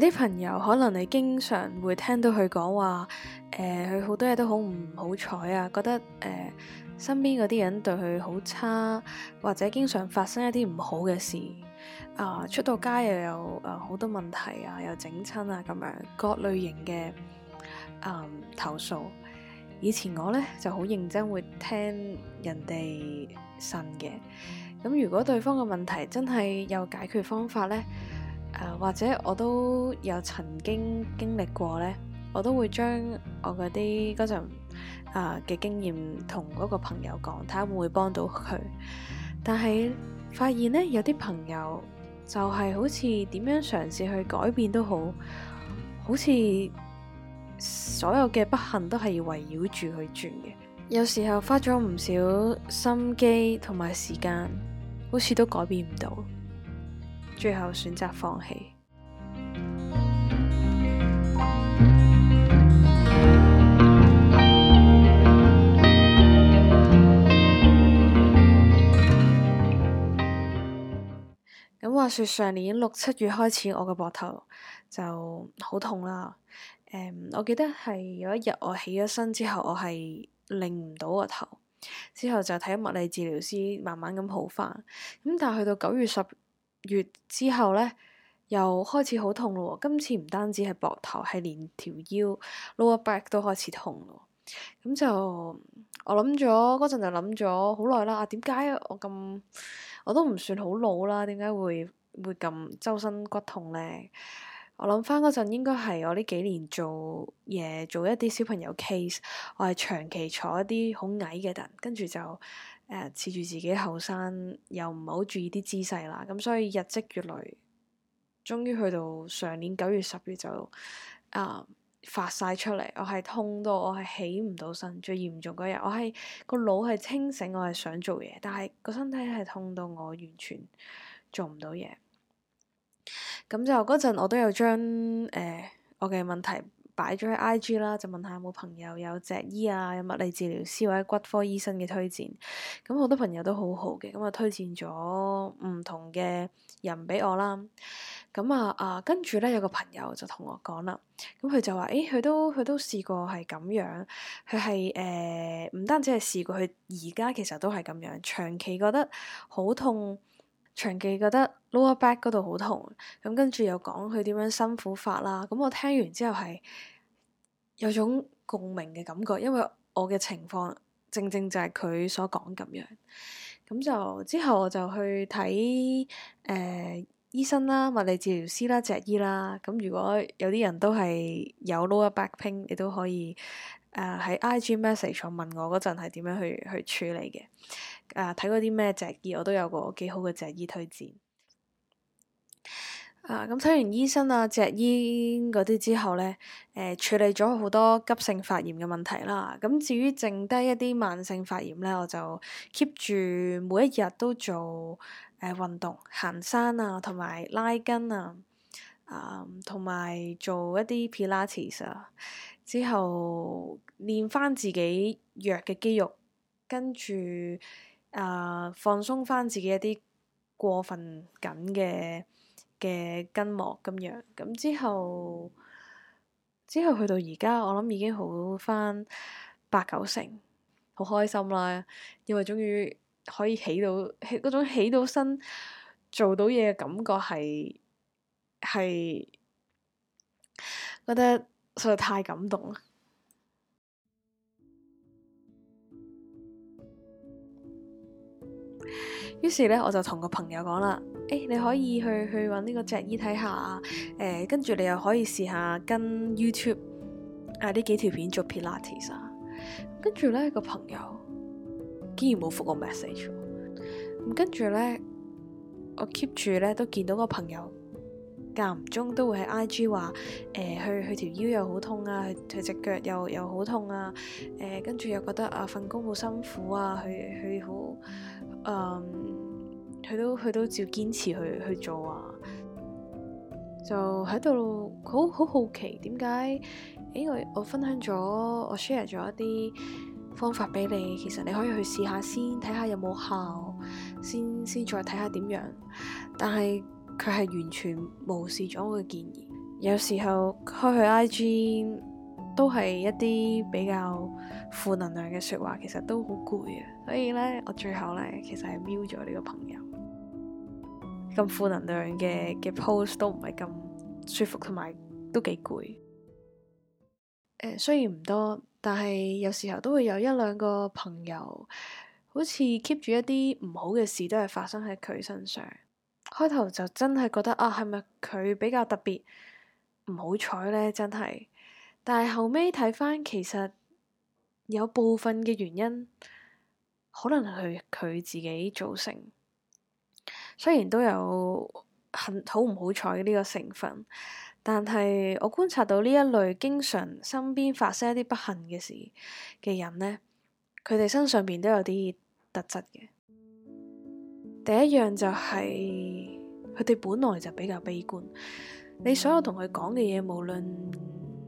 有啲朋友可能你經常會聽到佢講話，誒、呃，佢好多嘢都好唔好彩啊，覺得誒、呃，身邊嗰啲人對佢好差，或者經常發生一啲唔好嘅事啊、呃，出到街又有啊好、呃、多問題啊，又整親啊咁樣，各類型嘅嗯、呃、投訴。以前我呢就好認真會聽人哋信嘅，咁如果對方嘅問題真係有解決方法呢，或者我都有曾經經歷過呢，我都會將我嗰啲嗰陣啊嘅經驗同嗰個朋友講，睇下會唔會幫到佢。但係發現呢，有啲朋友就係好似點樣嘗試去改變都好，好似所有嘅不幸都係要圍繞住佢轉嘅。有時候花咗唔少心機同埋時間，好似都改變唔到。最後選擇放棄。咁話說，上年六七月開始，我個膊頭就好痛啦，嗯。我記得係有一日我起咗身之後，我係擰唔到個頭，之後就睇物理治療師慢慢咁好翻。咁但係去到九月十。月之後咧，又開始好痛咯喎！今次唔單止係膊頭，係連條腰、lower back 都開始痛咯。咁就我諗咗嗰陣，就諗咗好耐啦。啊，點解我咁？我都唔算好老啦，點解會會咁周身骨痛咧？我諗翻嗰陣，應該係我呢幾年做嘢，做一啲小朋友 case，我係長期坐一啲好矮嘅凳，跟住就。誒恃、uh, 住自己後生，又唔係好注意啲姿勢啦，咁所以日積月累，終於去到上年九月十月就啊、uh, 發晒出嚟。我係痛到我係起唔到身，最嚴重嗰日我係個腦係清醒，我係想做嘢，但係個身體係痛到我完全做唔到嘢。咁就嗰陣我都有將誒、呃、我嘅問題，擺咗喺 IG 啦，就問下有冇朋友有脊醫啊、有物理治療師或者骨科醫生嘅推薦。咁好多朋友都好好嘅，咁啊推薦咗唔同嘅人俾我啦。咁啊啊，跟住咧有個朋友就同我講啦。咁佢就話：誒、欸，佢都佢都試過係咁樣，佢係誒唔單止係試過，佢而家其實都係咁樣，長期覺得好痛。長期覺得 lower back 嗰度好痛，咁跟住又講佢點樣辛苦法啦。咁我聽完之後係有種共鳴嘅感覺，因為我嘅情況正正就係佢所講咁樣。咁就之後我就去睇誒、呃、醫生啦、物理治療師啦、脊醫啦。咁如果有啲人都係有 lower back p i n 你都可以。誒喺、uh, IG message 上問我嗰陣係點樣去去處理嘅？誒、uh, 睇過啲咩脊醫，我都有個幾好嘅脊醫推薦。誒咁睇完醫生啊、脊醫嗰啲之後咧，誒、呃、處理咗好多急性發炎嘅問題啦。咁至於剩低一啲慢性發炎咧，我就 keep 住每一日都做誒、呃、運動、行山啊，同埋拉筋啊。啊，同埋、嗯、做一啲 Pilates 啊，之後練翻自己弱嘅肌肉，跟住啊放鬆翻自己一啲過分緊嘅嘅筋膜咁樣，咁、嗯、之後之後去到而家，我諗已經好翻八九成，好開心啦，因為終於可以起到起嗰種起到身做到嘢嘅感覺係。係覺得實在太感動啦。於是咧，我就同個朋友講啦：，誒、欸，你可以去去搵呢個隻醫睇下，誒、呃，跟住你又可以試下跟 YouTube 啊呢幾條片做 Pilates 啊。跟住咧個朋友竟然冇覆我 message，咁跟住咧我 keep 住咧都見到個朋友。間唔中都會喺 IG 話，誒去去條腰又好痛啊，佢佢隻腳又又好痛啊，誒跟住又覺得啊份工好辛苦啊，佢佢好，嗯，佢都佢都照堅持去去做啊，就喺度好好好奇點解，誒、欸、我我分享咗我 share 咗一啲方法俾你，其實你可以去試下先，睇下有冇效，先先再睇下點樣，但係。佢係完全無視咗我嘅建議，有時候開去 I G 都係一啲比較負能量嘅說話，其實都好攰啊。所以呢，我最後呢，其實係瞄咗呢個朋友咁負能量嘅嘅 post 都唔係咁舒服，同埋都幾攰。誒、呃，雖然唔多，但係有時候都會有一兩個朋友，好似 keep 住一啲唔好嘅事都係發生喺佢身上。開頭就真係覺得啊，係咪佢比較特別唔好彩咧？真係，但係後尾睇翻，其實有部分嘅原因可能係佢自己造成。雖然都有好唔好彩呢個成分，但係我觀察到呢一類經常身邊發生一啲不幸嘅事嘅人咧，佢哋身上邊都有啲特質嘅。第一樣就係佢哋本來就比較悲觀，你所有同佢講嘅嘢，無論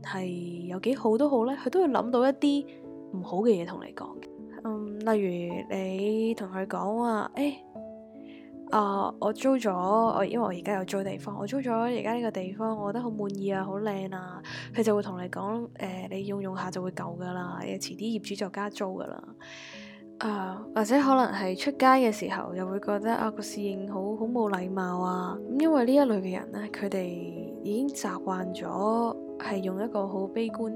係有幾好都好咧，佢都會諗到一啲唔好嘅嘢同你講嘅。嗯，例如你同佢講話，誒、欸，啊、呃，我租咗，因為我而家有租地方，我租咗而家呢個地方，我覺得好滿意啊，好靚啊，佢就會同你講，誒、呃，你用用下就會舊噶啦，誒，遲啲業主就加租噶啦。啊，uh, 或者可能係出街嘅時候，又會覺得啊個侍應好好冇禮貌啊。咁因為呢一類嘅人呢，佢哋已經習慣咗係用一個好悲觀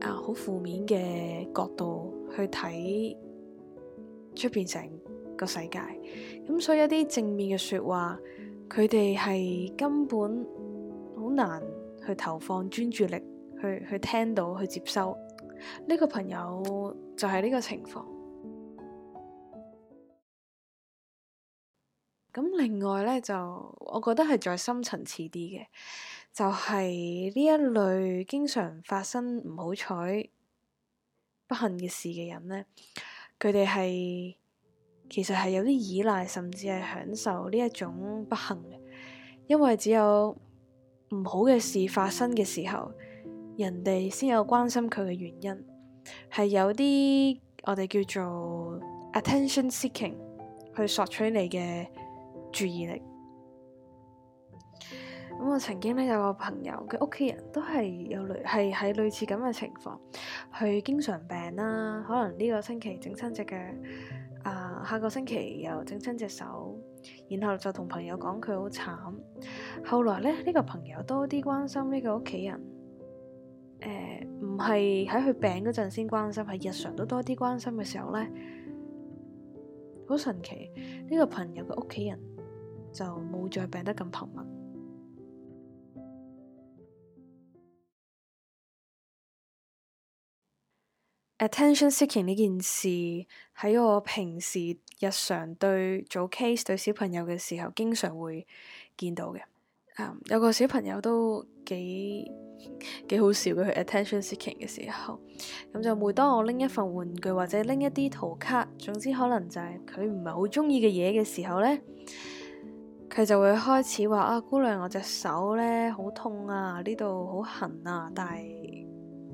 啊，好負面嘅角度去睇出邊成個世界。咁所以一啲正面嘅說話，佢哋係根本好難去投放專注力去去聽到去接收。呢、這個朋友就係呢個情況。咁另外咧，就我覺得係再深層次啲嘅，就係呢一類經常發生唔好彩不幸嘅事嘅人咧，佢哋係其實係有啲依賴，甚至係享受呢一種不幸嘅，因為只有唔好嘅事發生嘅時候，人哋先有關心佢，嘅原因係有啲我哋叫做 attention seeking 去索取你嘅注意力咁，我曾經咧有個朋友，佢屋企人都係有類係喺類似咁嘅情況，佢經常病啦、啊，可能呢個星期整親隻腳，啊、呃、下個星期又整親隻手，然後就同朋友講佢好慘。後來咧呢、這個朋友多啲關心呢個屋企人，誒唔係喺佢病嗰陣先關心，係日常都多啲關心嘅時候咧，好神奇呢、這個朋友嘅屋企人。就冇再病得咁頻密。Attention-seeking 呢件事喺我平時日常對做 case 對小朋友嘅時候，經常會見到嘅。Um, 有個小朋友都幾幾好笑嘅，去 attention-seeking 嘅時候，咁就每當我拎一份玩具或者拎一啲圖卡，總之可能就係佢唔係好中意嘅嘢嘅時候呢。佢就會開始話啊，姑娘我隻手咧好痛啊，呢度好痕啊，但係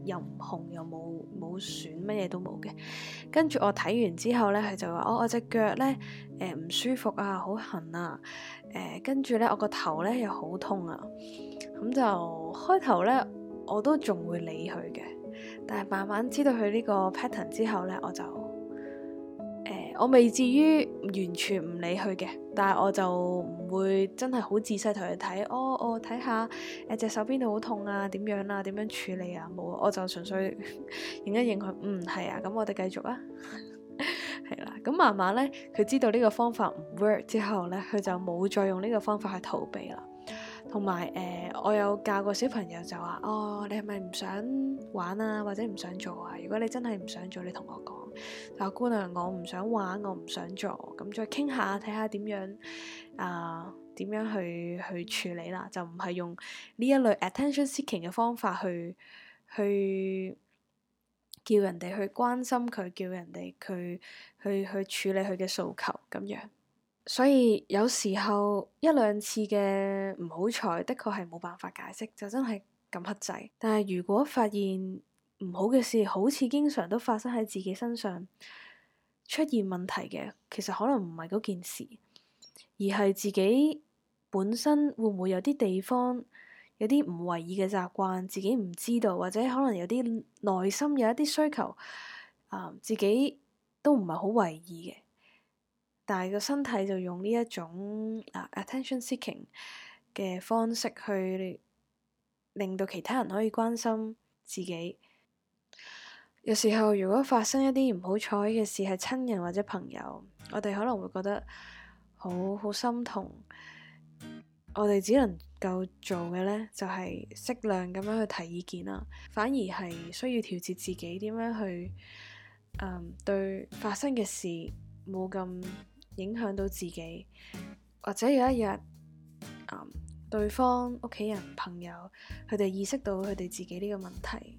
又唔紅又冇冇損，乜嘢都冇嘅。跟住我睇完之後咧，佢就話：哦、啊，我隻腳咧誒唔舒服啊，好痕啊。誒、呃，跟住咧我個頭咧又好痛啊。咁、嗯、就開頭咧我都仲會理佢嘅，但係慢慢知道佢呢個 pattern 之後咧，我就。我未至於完全唔理佢嘅，但係我就唔會真係好仔細同佢睇，哦哦，睇下誒隻手邊度好痛啊？點樣啊？點樣處理啊？冇，我就純粹應 一應佢，嗯係啊，咁我哋繼續 啊。係啦，咁慢慢咧，佢知道呢個方法唔 work 之後咧，佢就冇再用呢個方法去逃避啦。同埋誒，我有教過小朋友就話，哦，你係咪唔想玩啊，或者唔想做啊？如果你真係唔想做，你同我講。阿、啊、姑娘，我唔想玩，我唔想做，咁再傾下，睇下點樣啊？點、呃、點樣去去處理啦？就唔係用呢一類 attention seeking 嘅方法去去叫人哋去關心佢，叫人哋佢去去，去處理佢嘅訴求咁樣。所以有時候一兩次嘅唔好彩，的確係冇辦法解釋，就真係咁黑仔。但係如果發現，唔好嘅事，好似經常都發生喺自己身上出現問題嘅，其實可能唔係嗰件事，而係自己本身會唔會有啲地方有啲唔為意嘅習慣，自己唔知道，或者可能有啲內心有一啲需求，啊、呃，自己都唔係好為意嘅，但係個身體就用呢一種啊 attention-seeking 嘅方式去令到其他人可以關心自己。有時候，如果發生一啲唔好彩嘅事，係親人或者朋友，我哋可能會覺得好好心痛。我哋只能夠做嘅呢，就係適量咁樣去提意見啦。反而係需要調節自己點樣去，嗯，對發生嘅事冇咁影響到自己，或者有一日，嗯，對方屋企人、朋友，佢哋意識到佢哋自己呢個問題。